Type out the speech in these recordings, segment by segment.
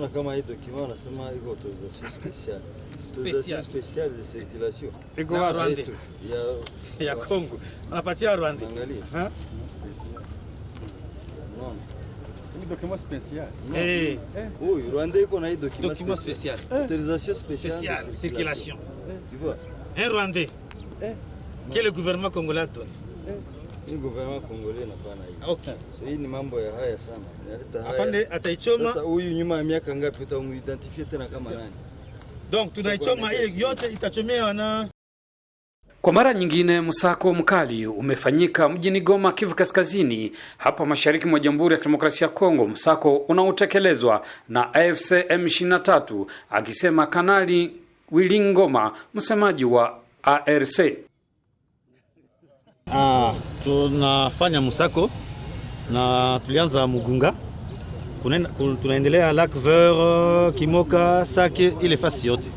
una cama aí do Kimana se mai e autorização especial. Autorização especial de circulação. Iko wapi? Ya Congo, Kongo. Wanapatia Rwanda. Angalia. Ha? Documento especial. Eh. Oui, é. é. Rwanda é iko na hii document spécial. Autorisation spéciale. Circulation. Tu vois? Un Rwandais. Que le gouvernement congolais donne. Hii gouvernement congolais inafanya hii. Okay. So hii ni mambo ya haya sana. Inaleta haya. Afande ataichoma. Sasa huyu nyuma ya miaka ngapi utamuidentify tena kama nani? Donc tunaichoma hii yote itachomewa na kwa mara nyingine msako mkali umefanyika mjini Goma, Kivu Kaskazini, hapa mashariki mwa Jamhuri ya Kidemokrasia ya Kongo, msako unaotekelezwa na AFC M23, akisema Kanali Willy Ngoma, msemaji wa ARC. Ah tunafanya musako na tulianza Mugunga, tunaendelea Lac-Vert, Kimoka, Sake, ile fasi yote.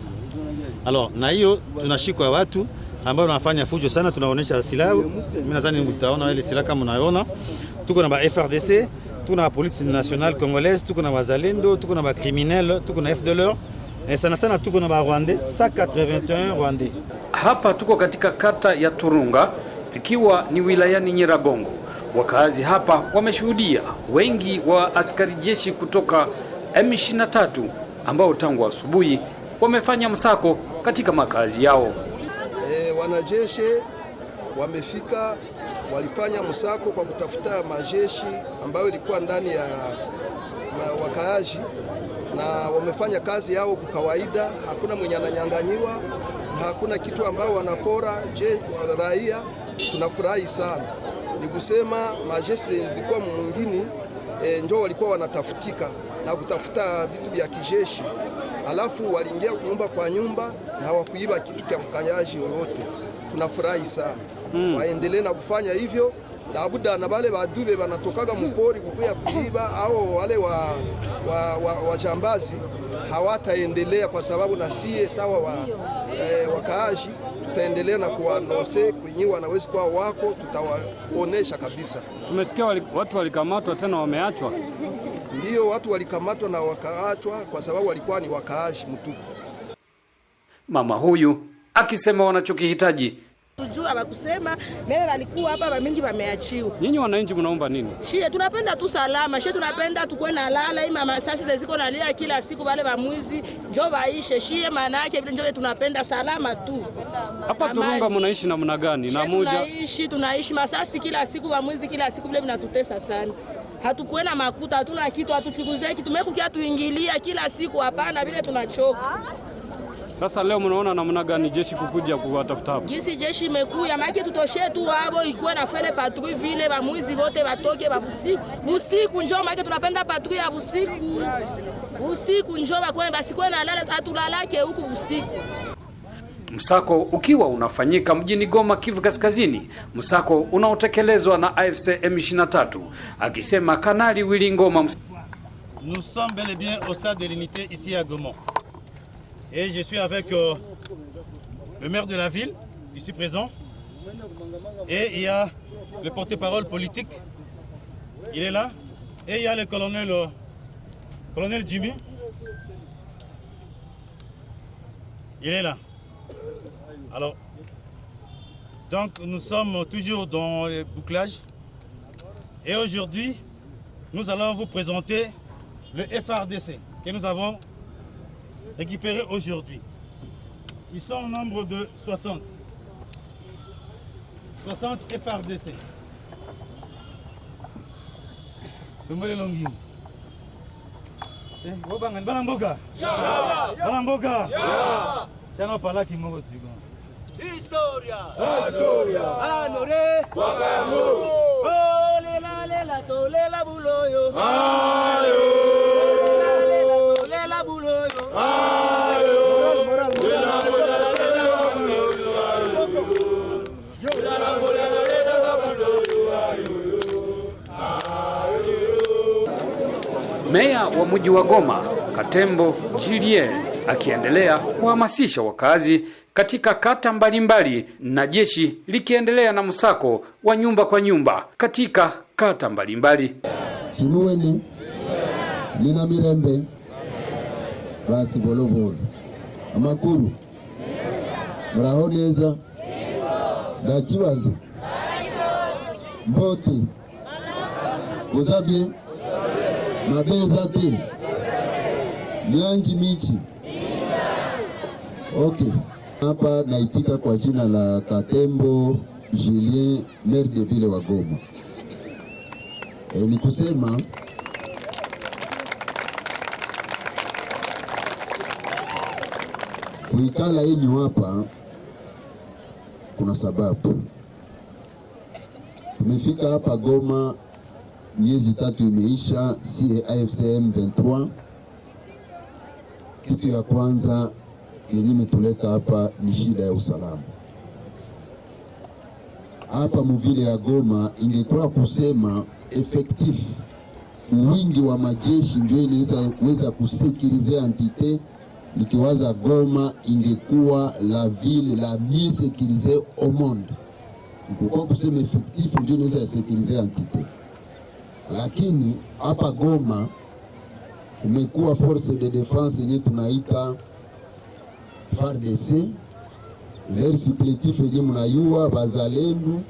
Alors na hiyo tunashikwa watu ambao wanafanya fujo sana, tunaonesha silaha. Mimi nadhani mtaona ile silaha kama unaona, tuko na ba FRDC, tuko na police nationale congolaise, tuko na wazalendo, tuko na ba criminel, tuko na FDLR eh, sana sana tuko na ba Rwanda 181 Rwanda. Hapa tuko katika kata ya Turunga ikiwa ni wilayani Nyiragongo. Wakazi hapa wameshuhudia wengi wa askari jeshi kutoka M23 ambao tangu asubuhi wamefanya msako katika makazi yao. E, wanajeshi wamefika, walifanya msako kwa kutafuta majeshi ambayo ilikuwa ndani ya wakaaji na wamefanya kazi yao kwa kawaida. Hakuna mwenye ananyanganyiwa na hakuna kitu ambao wanapora je, raia tunafurahi sana. Ni kusema majeshi ilikuwa mwingine e, eh, njoo walikuwa wanatafutika na kutafuta vitu vya kijeshi, alafu waliingia nyumba kwa nyumba na hawakuiba kitu cha mkanyaji yoyote. Tunafurahi sana mm. Waendelee na kufanya hivyo labuda na wale badube banatokaga mupori kukuya kuiba au wale wa, wa, wa, wa hawataendelea kwa sababu na sie sawa wa, eh, wakaaji tutaendelea na kuwanose kwenye wanawezi kwa wako, tutawaonesha kabisa. Tumesikia wali, watu walikamatwa tena wameachwa. Ndiyo, watu walikamatwa na wakaachwa kwa sababu walikuwa ni wakaashi mtupu. Mama huyu akisema wanachokihitaji Tujua abakusema mbele walikuwa hapa bamingi wameachiwa. Nyinyi wananchi mnaomba nini? Shie tunapenda tu salama, shie tunapenda tukue na lala, ima masasi zeziko nalia kila siku wale wa mwizi njo baishe. Shie maana yake vile njo tunapenda salama tu. Hapa Turunga mnaishi namna gani? Na moja. Tunaishi tunaishi masasi kila siku wa mwizi kila siku vile vinatutesa sana. Hatukuwe na makuta, hatuna kitu, hatuchukuzie kitu. Mekukia tuingilia kila siku hapana, vile tunachoka. Sasa leo mnaona namna gani jeshi kukuja kuwatafuta hapo? Jinsi jeshi imekuja maana tutoshe tu hapo ikuwe na fele patrui vile ba mwizi wote watoke ba busiku. Busiku njoo maana tunapenda patrui ya busiku. Busiku njoo bakwe basi kwa na lala atulalake huku busiku. Msako ukiwa unafanyika mjini Goma, Kivu Kaskazini, msako unaotekelezwa na AFC M23, akisema Kanali Willy Ngoma. Nous sommes bel et bien au stade de l'unité ici à Goma. Et je suis avec euh, le maire de la ville, ici présent. Et il y a le porte-parole politique, il est là. Et il y a le colonel, le euh, colonel Jimmy. Il est là. Alors, donc nous sommes toujours dans le bouclage. Et aujourd'hui, nous allons vous présenter le FRDC que nous avons récupérés aujourd'hui. Ils sont au nombre de 60. 60 FRDC. Tumbele Longin. Eh, bobangan bana mboka. dit. Historia. Historia. Anore. Oh, lela lela to lela buloyo. Meya wa mji wa Goma Katembo Julien akiendelea kuhamasisha wakazi katika kata mbalimbali na jeshi likiendelea na msako wa nyumba kwa nyumba katika kata mbalimbali. Tulueni nina Mirembe, basi volovolo Amakuru, murahoneza ndachiwazo Mbote, Gozabye mabezati mianji michi ok. Hapa naitika kwa jina la Katembo Julien, maire de ville wa Goma. E, ni kusema kuikala yenyu hapa kuna sababu tumefika hapa Goma miezi tatu imeisha, sie AFCM 23 kitu ya kwanza yenye imetuleta hapa ni shida ya usalama hapa muvile ya Goma. Ingekuwa kusema effectif wingi wa majeshi ndio inaweza weza kusekirize antite, nikiwaza Goma ingekuwa la ville la mieux securise au monde. Ingekuwa kusema effectif ndio inaweza sekirize antite lakini hapa Goma kumekuwa force de defense yenye tunaita FARDC ileri supplétif yenye mnayua bazalendu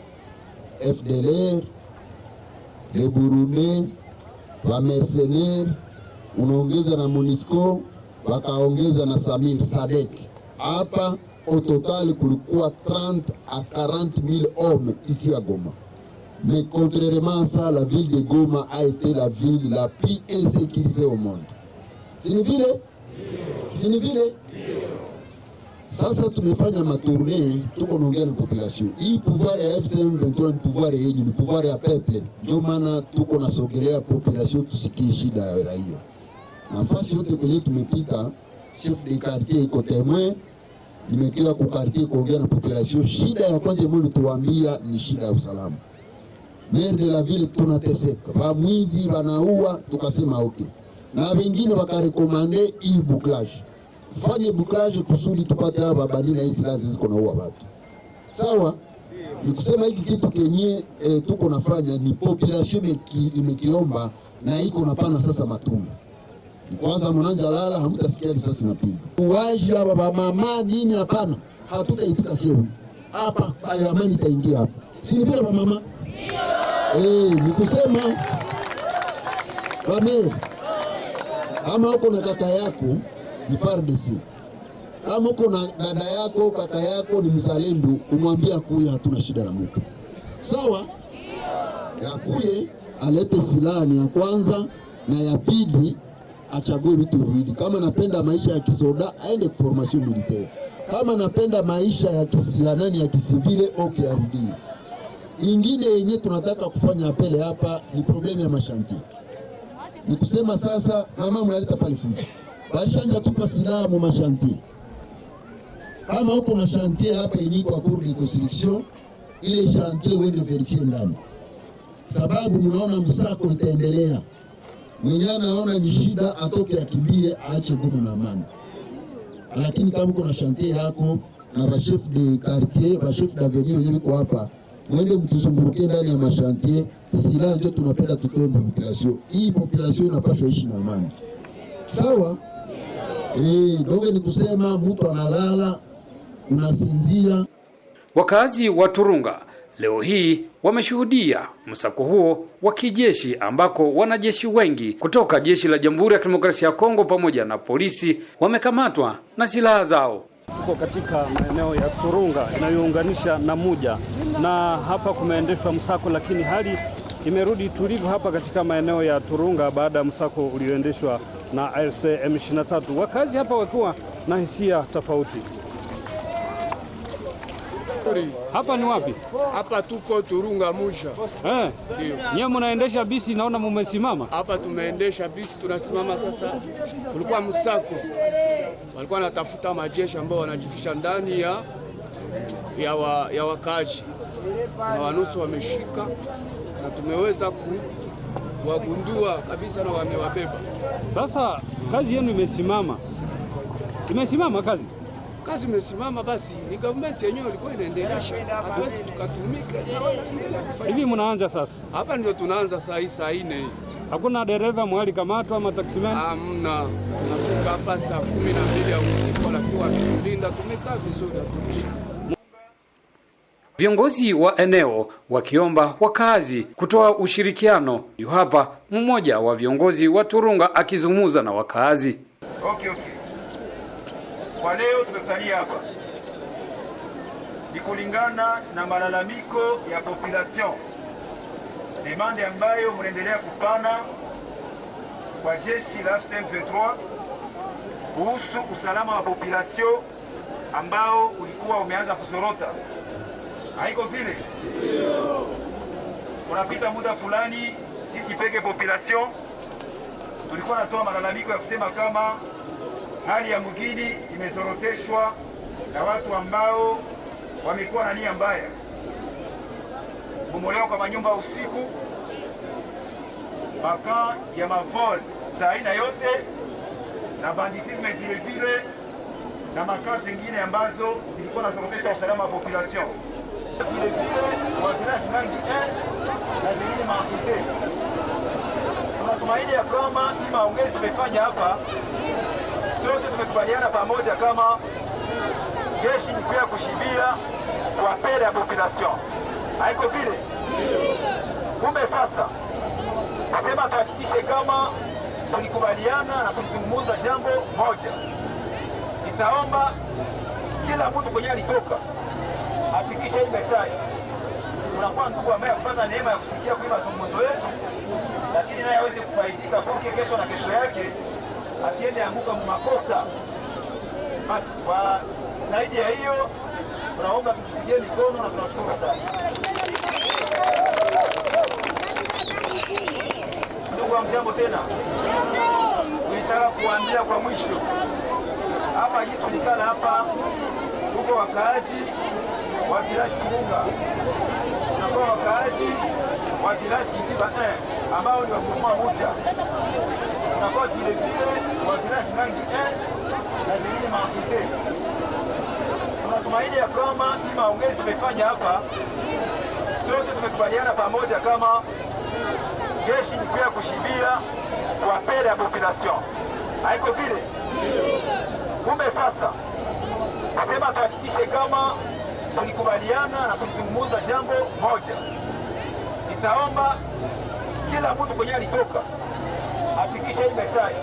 FDLR le Burunde wa mercenaire unaongeza na Monisco wakaongeza na Samir Sadek. Hapa au total kulikuwa 30 a 40 mil hommes isi ya Goma. Mais contrairement à ça, la ville de Goma a été la ville la plus insécurisée au monde. C'est une ville hein? C'est une ville hein? ça, hein. tout Sasa tumefanya tout tuko gagné la population. le pouvoir à FCM23 le pouvoir yenyu, ni pouvoir ya peuple. qu'on a tuko la population qui tusikie shida ya raia. Nafasi yote kwenye tumepita, chef de quartier iko temwe, nimekaa un quartier kuongea la population. Chida Shida ya kwanza mlituambia ni Chida ya usalama. maire de la ville tunateseka, bamwizi banaua, tukasema okay, na wengine wakarekomande hii bouclage, fanye bouclage kusudi tupate hapa babandi na hizi silaha ziko naua watu. Sawa, ni kusema hiki kitu kenye eh, tuko nafanya ni population imekiomba na iko napana sasa matunda ni kwanza mwananja lala, hamtasikia risasi napiga uwaji hapa mama nini, hapana, hatutaitika siewi hapa, amani itaingia hapa, si ni vile bamama eh, ni kusema amen. Ama uko na kaka yako ni fardisi, ama uko na dada yako kaka yako ni mzalendo, umwambia kuya, hatuna shida na mtu sawa. kuye alete silaha ni ya kwanza, na ya pili achague vitu viwili. Kama napenda maisha ya kisoda aende formation militaire, kama napenda maisha ya kisi, ya nani ya kisivile, okay arudie Ingine yenye tunataka kufanya apele hapa ni problemu ya mashanti. Ni kusema sasa, mama mnaleta pale fujo, walishanja tupa silaha mu mashanti. Kama uko na shantie hapa yenye kwa cour de construction, ile shantie uende verifie ndani, sababu mnaona msako itaendelea. Mwenye anaona ni shida atoke akimbie, aache Goma na amani. Lakini kama uko na shantie hako na ba de quartier, ba chef d'avenue yenye kwa hapa mwende mtuzunguruke ndani ya mashantie, silaha ndio tunapenda tutoe population hii. Population inapaswa ishi na amani, sawa eh. Doge ni kusema mtu analala, unasinzia. Wakazi wa Turunga leo hii wameshuhudia msako huo wa kijeshi ambako wanajeshi wengi kutoka jeshi la Jamhuri ya Kidemokrasia ya Kongo pamoja na polisi wamekamatwa na silaha zao tuko katika maeneo ya Turunga inayounganisha na Muja, na hapa kumeendeshwa msako, lakini hali imerudi tulivu hapa katika maeneo ya Turunga baada ya msako ulioendeshwa na AFC M23, wakazi hapa wakiwa na hisia tofauti. Nzuri. Hapa ni wapi? Hapa tuko Turunga Musha. Eh. Ndio. Nyewe mnaendesha bisi naona mumesimama? Hapa tumeendesha bisi tunasimama sasa. Kulikuwa msako. Walikuwa natafuta majeshi ambao wanajifisha ndani ya ya, wa, ya wakaji na wanusu wameshika na tumeweza wagundua kabisa na wamewabeba. Sasa kazi yenu imesimama. Imesimama kazi? kazi imesimama, basi ni government yenyewe ilikuwa inaendelesha, hatuwezi tukatumika na wala kufanya hivi. Mnaanza sasa hapa, ndio tunaanza saa hii saa nne hii. Hakuna dereva mwali kamatwa ama taxi man? Hamna, tunafika hapa saa kumi na mbili ya usiku, lakini wametulinda, tumekaa vizuri, hatuishi Viongozi wa eneo wakiomba wakazi kutoa ushirikiano. Yu hapa mmoja wa viongozi wa Turunga akizungumza na wakazi. Okay, okay. Kwa leo tutasalia hapa, ni kulingana na malalamiko ya population, demande ambayo mnaendelea kupana kwa jeshi la M23 kuhusu usalama wa population ambao ulikuwa umeanza kuzorota. Haiko vile unapita muda fulani, sisi peke population tulikuwa natoa malalamiko ya kusema kama hali ya Mugidi imesoroteshwa na watu ambao wamekuwa na nia mbaya. Kubomolewa kwa manyumba usiku, makaa ya mavol za aina yote, na banditisme vile vile, na makaa zingine ambazo zilikuwa nasorotesha usalama wa population vile vile wavilaji na zingine maakute. Tunatumaini ya kwamba hii maongezi tumefanya hapa sote tumekubaliana pamoja kama jeshi ni pia kushibia kwa pele ya population, haiko vile? Kumbe sasa kusema tuhakikishe kama tulikubaliana na kulizungumuza jambo moja, nitaomba kila mtu kwenye alitoka afikishe hii mesaji. Unakuwa ndugu ambaye akupata neema ya kusikia kwa mazungumzo yetu, lakini naye aweze kufaidika kwake kesho na kesho yake asiende anguka mmakosa. Basi kwa zaidi ya hiyo, tunaomba tujipigie mikono na tunashukuru sana. Ndugu mjambo tena, nitaka kuambia kwa mwisho hapa ikijulikana hapa huko wakaaji wa village kuunga unakuwa wakaaji wa village Kisiba eh, ambao ni wakumua muja watakuwa vile vile waviraji rangi na zingine maakute. Tunatumaini ya kwamba hii maongezi tumefanya hapa, sote tumekubaliana pamoja kama jeshi ni kuya kushibia kwa pele ya population, haiko vile kumbe. Sasa kusema tuhakikishe kama tulikubaliana na kulizungumuza jambo moja, nitaomba kila mtu kwenye alitoka hakikisha hii mesaji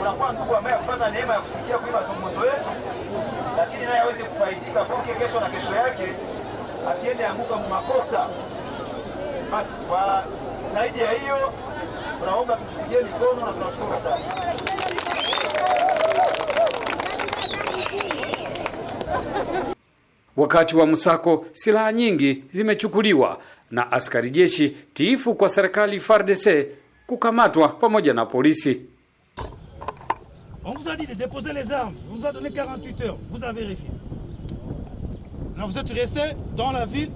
unakuwa ndugu ambaye akupata neema ya kusikia kuima mazungumzo yetu, lakini naye aweze kufaidika kwake kesho na kesho yake, asiende anguka makosa. Basi kwa zaidi ya hiyo, tunaomba tujipigie mikono na tunashukuru sana. Wakati wa msako silaha nyingi zimechukuliwa na askari jeshi tiifu kwa serikali FARDC police. On vous a dit de déposer les armes. On vous a donné 48 heures. Vous avez vérifié. Alors vous êtes resté dans la ville,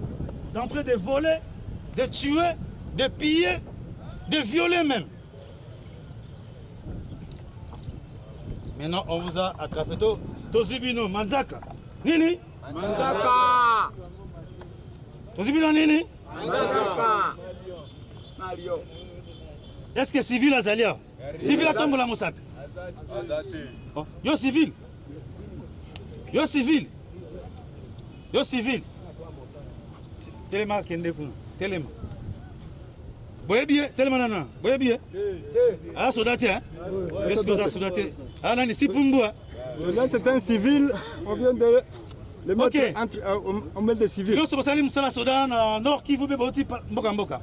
en de voler, de tuer, de piller, de violer même. Maintenant, on vous a attrapé Tozibino, Manzaka. Nini Manzaka Tozibino, Nini Manzaka Mario est ce que civil a awa civil la mosapi oh. yo civil yo civil yo civil telema akende kuna telema boyebi ye telema nana boyebi hein? Est-ce que vous êtes sikoza Ah non, ici nani si Là c'est un civil on vient de le entre, euh, on, met des civils. Euh, nord mboka mboka.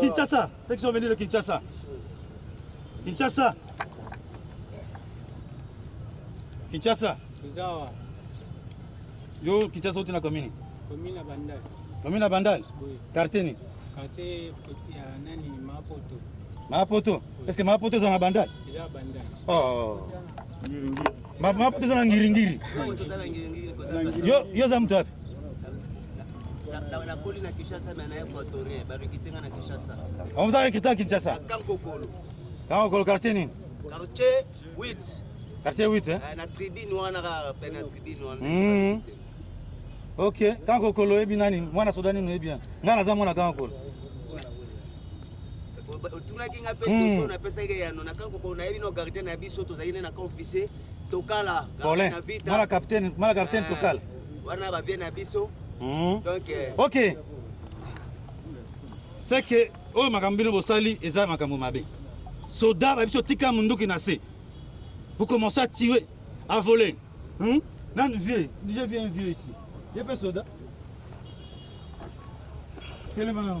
Kinshasa, c'est qui sont venus de Kinshasa. Kinshasa. Kinshasa. Yo Kinshasa dans la commune. Commune à Bandal. Commune à Bandal. Euh, nani Mapoto. Mapoto. Est-ce que Mapoto eza Il Bandal? Bandal. Oh. Mapo tazana ngiri ngiri. Yo yo za mtu wapi? Amza kitaka Kinshasa. Kankokolo. Kankokolo quartier nini? Quartier 8. Quartier 8 eh? eh? Na tribune wana ka pena tribune wana. Hmm. Okay, Kankokolo ebi nani? Mwana Sudani no ebi. Ngana za mwana Kankokolo. tungakinga mpe a na pesaka yano na kanko kona yeli no gardien na biso to zaine na confisé tokala na vita mala capitaine mala capitaine eh, tokala wana ba vient na biso hmm. donc eh. ok c'est que oyo makambo bosali eza makambo mabe soda ba biso tika munduki na se commencez à tirer à voler hmm? Là, vieux, je viens vieux ici. Il y a pas soda. Quel est le malheur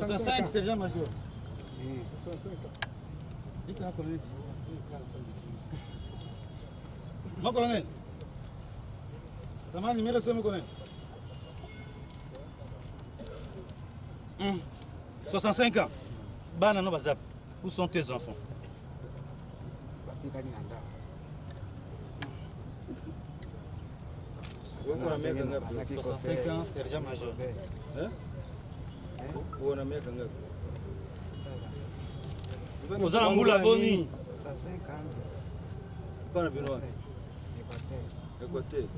65, sergent major. 65. Dites là, colonel. m'a colonel. le mimi mon colonel. 65 hum. ans. Bana Où sont tes enfants? 65 ans, sergent major. Hein? Una miaka ngapi? Mzaa mbula boni. Bana bino. Ekote.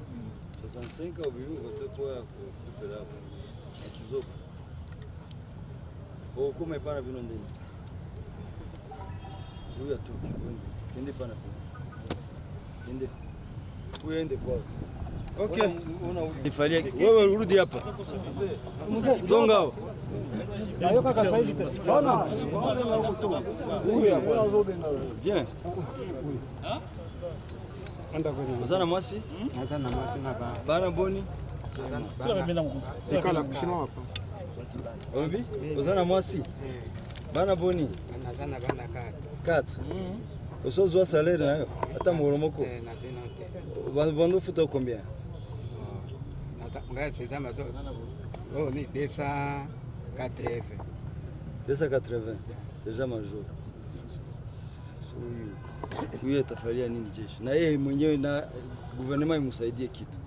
65 obiungo tepo ya kufela hapo. Akizoka. Au kama ipana bino ndeni. Huyu atoki kwende. Kende pana bino. Kende. Kuende kwa. Okay. Ifalia. Wewe urudi hapa. Zonga. Dayo kaka sasa hivi bwana, huyu hapa je? Anda kwenye sana mwasi sana mwasi na ba bana boni ikala kushino hapa obi sana mwasi bana boni sana bana kat kat usozwa salaire nayo hata moro moko bando futa combien ngai sezama so ni 200 4 heures. 980 c'est jamais Huyu atafalia nini jeshi? Na yeye mwenyewe na guvernema imsaidie kitu.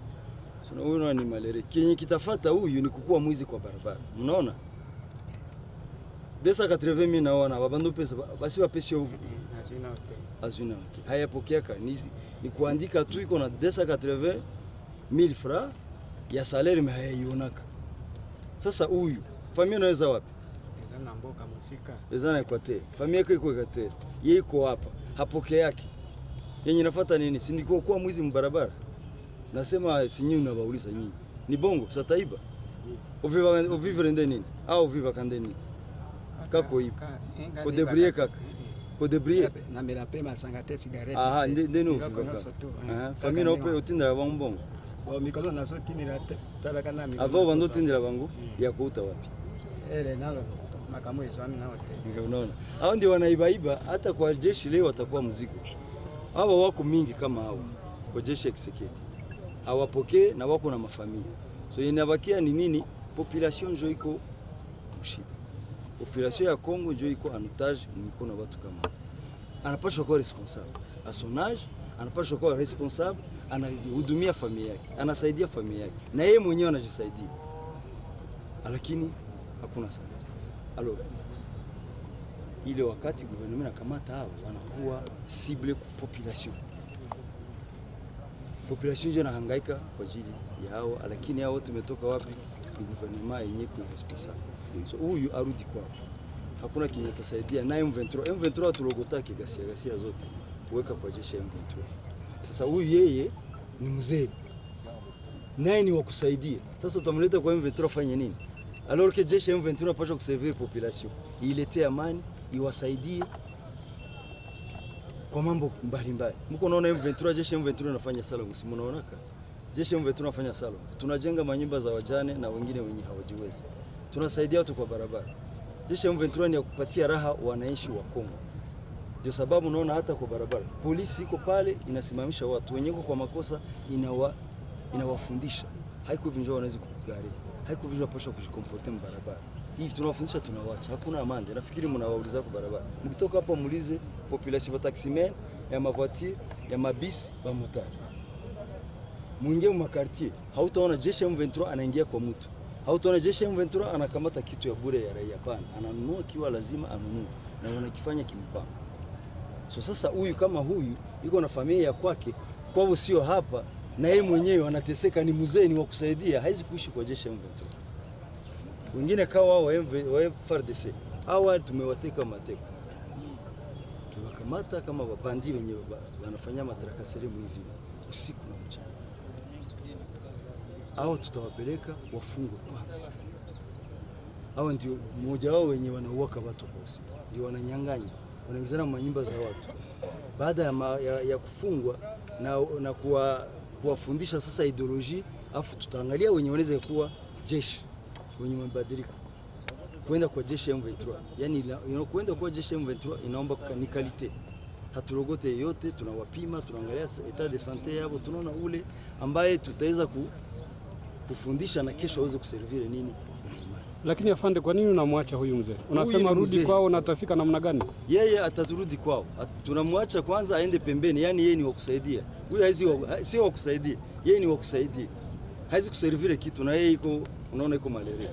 Huyu ni malere. Kenye kitafata huyu ni kukua mwizi kwa barabara. Mnaona? 280 mimi naona babandu pesa basi wapesi eh, eh, azina hotel. Azina Haya pokea kanisi ni kuandika tu iko na 280 mil fra ya salaire mahayonaka. Sasa huyu Familia inaweza wapi? Ezana Equateur. Familia yako iko Equateur. Yeye iko hapa. Hapoke yake. Yenye nafuata nini? Si ndiko kwa mwizi mbarabara. Nasema si nyinyi unabauliza nyinyi. Ni bongo sataiba. Mm. Uviva uvivre ndeni nini? Au uviva kandeni. Ah, Kako hivi. Kodebrie kaka. Kodebrie. Na mera pema sangate cigarette. Aha, ndeni uviva. Eh. Aha, familia upe utinda wa mbongo. Wa mikolo nazo tinira talaka na mikolo. Avo bando tindira bangu eh. ya wapi? Ele nalo makamu yetu ami na wote. Unaona? Hao ndio wanaibaiba hata kwa jeshi leo watakuwa mzigo. Hawa wako mingi kama hao. Kwa jeshi execute. Hawapokee na wako na mafamilia. So inabakia ni nini? Population njo iko mshida. Population ya Kongo njo iko anotage mikono na watu kama. Anapaswa kuwa responsable. Asonage anapaswa kuwa responsable, anahudumia familia yake, anasaidia familia yake na yeye mwenyewe anajisaidia. Lakini hakuna salari. Alo ile wakati gouvernement nakamata hao wanakuwa cible ku population, population ndio nahangaika kwa ajili ya hao, lakini hao tumetoka wapi? Ni gouvernement yenyewe kuna responsable. So huyu arudi kwao, hakuna kinyo atasaidia na M23 M23 tulogotake gasia gasia zote weka kwa jeshi M23. Sasa huyu yeye ni mzee naye ni wakusaidia, sasa tutamleta kwa M23 afanye nini? Alors que jeshi M23 napasha kuservir population, iletee amani, iwasaidie kwa mambo mbalimbali. Mko naona M23, jeshi M23 nafanya sala, si mnaonaka jeshi M23 nafanya sala. Tunajenga manyumba za wajane na wengine wenye hawajiwezi, tunasaidia watu kwa barabara. Jeshi M23 ni ya kupatia raha wananchi wa Kongo. Ndio sababu unaona hata kwa barabara polisi iko pale inasimamisha watu wenye kwa makosa, inawa inawafundisha haiko hivyo, njoo wanaweza kupigana haikuvijua pasha kujikomporte mbarabara. Hivi tunawafundisha tunawacha, hakuna amande. Nafikiri mnawauliza kwa barabara, mkitoka hapa muulize population ba taximen ya mavoiture ya mabisi ba motari. Mwingie mu quartier, hautaona jeshi M23 anaingia kwa mtu, hautaona jeshi M23 anakamata kitu ya bure ya raia. Pana ananunua kiwa lazima anunue, na wanakifanya kimpanga. So sasa huyu kama huyu iko na familia ya kwake, kwao sio hapa na yeye mwenyewe anateseka, ni mzee, ni wa kusaidia, haizi kuishi kwa jeshi M23. Wengine kawa wao wa FARDC hawa tumewateka mateka, tuwakamata kama wabandi wenye wanafanya matrakaseri hivi usiku na mchana, hao tutawapeleka wafungwe kwanza. Hao ndio mmoja wao wenye wanauaka watu bosi, ndio wananyang'anya, wanaingizana manyumba za watu baada ya, ya, ya kufungwa na, na kuwa kuwafundisha sasa ideoloji, afu tutaangalia wenye wanaweza kuwa jeshi wenye mabadiliko kwenda kwa jeshi M23, yani kwenda kwa jeshi M23 inaomba ni kalite haturogote yote, tunawapima tunaangalia etat de sante yao, tunaona ule ambaye tutaweza kufundisha na kesho aweze kuservire nini lakini afande, kwa nini unamwacha huyu mzee? Unasema rudi kwao, na atafika namna gani? Yeye ataturudi kwao, tunamwacha kwanza aende pembeni. Yani yeye ni wakusaidia, huyu haizi sio wakusaidia, yeye ni wakusaidia, haizi kuservire kitu, na yeye iko, unaona iko malaria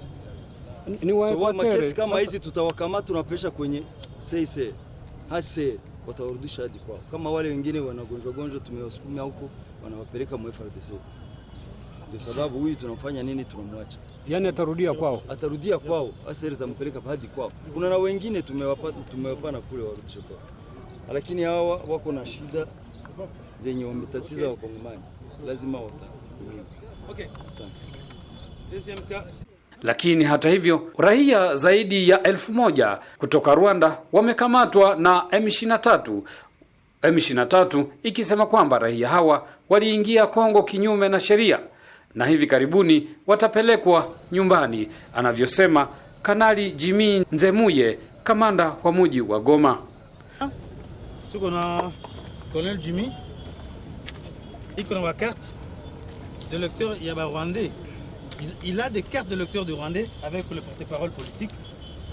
ni wa so, makesi kama hizi tutawakamata, tunapesha kwenye seise hase, watawarudisha hadi kwao, kama wale wengine wanagonjwa gonjwa, tumewasukuma huko, wanawapeleka mu FARDC ndio sababu huyu tunamfanya nini? Tunamwacha yani, atarudia kwao, atarudia kwao, hasa ile hadi kwao. Kuna na wengine tumewapata, tumewapana kule warudishe kwao, lakini hawa wako na shida zenye wametatiza Wakongomani, lazima wata okay. Lakini hata hivyo raia zaidi ya elfu moja kutoka Rwanda wamekamatwa na M23 M23 ikisema kwamba raia hawa waliingia Kongo kinyume na sheria na hivi karibuni watapelekwa nyumbani, anavyosema Kanali Jimmy Nzemuye, kamanda wa muji wa Goma. Tuko na Colonel Jimmy iko na wa carte de lecteur ya ba rwandais il a des cartes de lecteur de rwandais avec le porte-parole politique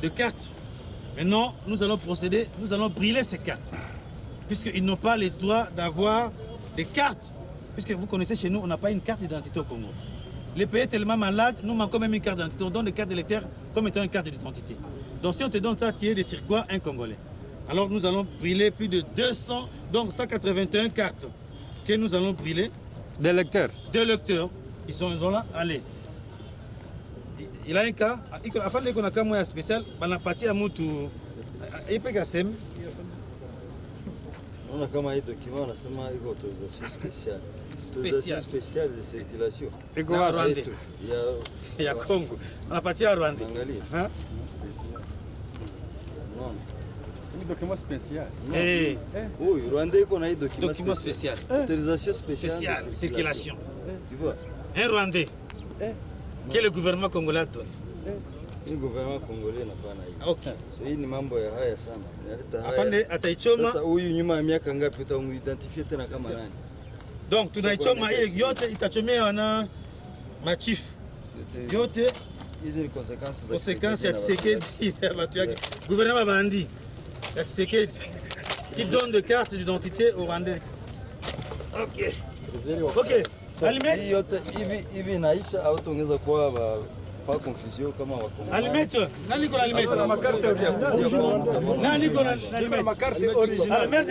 de carte maintenant nous allons procéder nous allons brûler ces cartes puisqu'ils n'ont pas le droit d'avoir des cartes Puisque vous connaissez chez nous, on n'a pas une carte d'identité au Congo. Le pays est tellement malade, nous manquons même une carte d'identité. On donne des cartes lecteur comme étant une carte d'identité. Donc si on te donne ça, tu es des circois, un Congolais. Alors nous allons brûler plus de 200, donc 181 cartes que nous allons brûler. Des lecteurs. Des lecteurs. Ils sont, là, allez. Il a un cas, il a un cas spécial, on bah, a parti à Moutou. Il peut On a comme un document, on a seulement une autorisation spéciale special de circulation Et Il y a wapi? ya ya Kongo anapatia Rwanda, angalia ha document special eh, huyu Rwanda iko hein? na document spécial. autorisation special circulation, eh. tu vois un Rwandais eh. que le gouvernement congolais donne eh. Le gouvernement congolais na pas hiyo. Ok. So hii ni mambo ya haya sana. Afande ataichoma. Sasa huyu nyuma ya miaka ngapi utamuidentify tena kama nani? Donc tunaichoma hiyo yote, itachomewa na machifu yote konsekansi il Tshisekedi a, des yake guvernema bandi ya Tshisekedi qui donne de carte d'identité au Rwandais. Ok, ok, alimet hivi au inafaa confusion kama ah,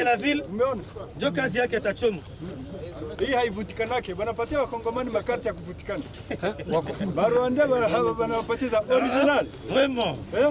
la ville. Ndio kazi yake atachoma. Hii haivutikanake, wanapatia wakongomani makarte ya kuvutikana. Barwanda bana hapa original. Vraiment. Eh?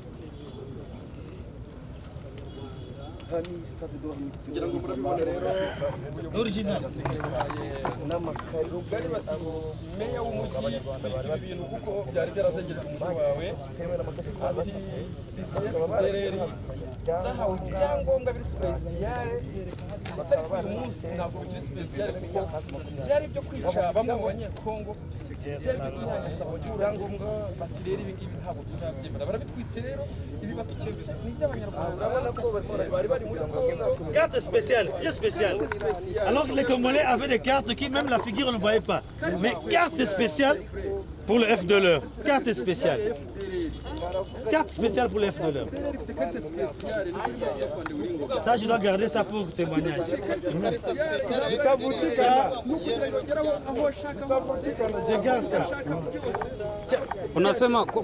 kugira ngo murabibone ibintu kuko byari byarazengereje umujyi wawe ati dereri zahawe ibyangombwa biri sipesiyare rero ibi Carte spéciale, très spéciale. Alors les Congolais avaient des cartes qui même la figure on ne voyait pas. Mais carte spéciale pour le F de l'heure. Carte spéciale. Carte spéciale pour le F de l'heure. Ça, je dois garder ça pour témoignage. je garde ça. Unasema kwa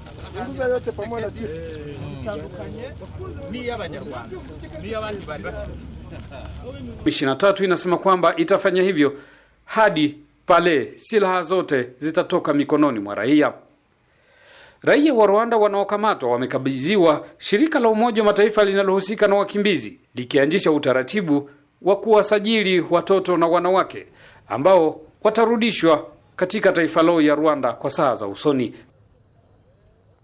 inguza yote pamoja na chifu itandukanye bari bafite tatu inasema kwamba itafanya hivyo hadi pale silaha zote zitatoka mikononi mwa raia. Raia wa Rwanda wanaokamatwa wamekabidhiwa shirika la Umoja wa Mataifa linalohusika na wakimbizi likianzisha utaratibu wa kuwasajili watoto na wanawake ambao watarudishwa katika taifa lao ya Rwanda kwa saa za usoni.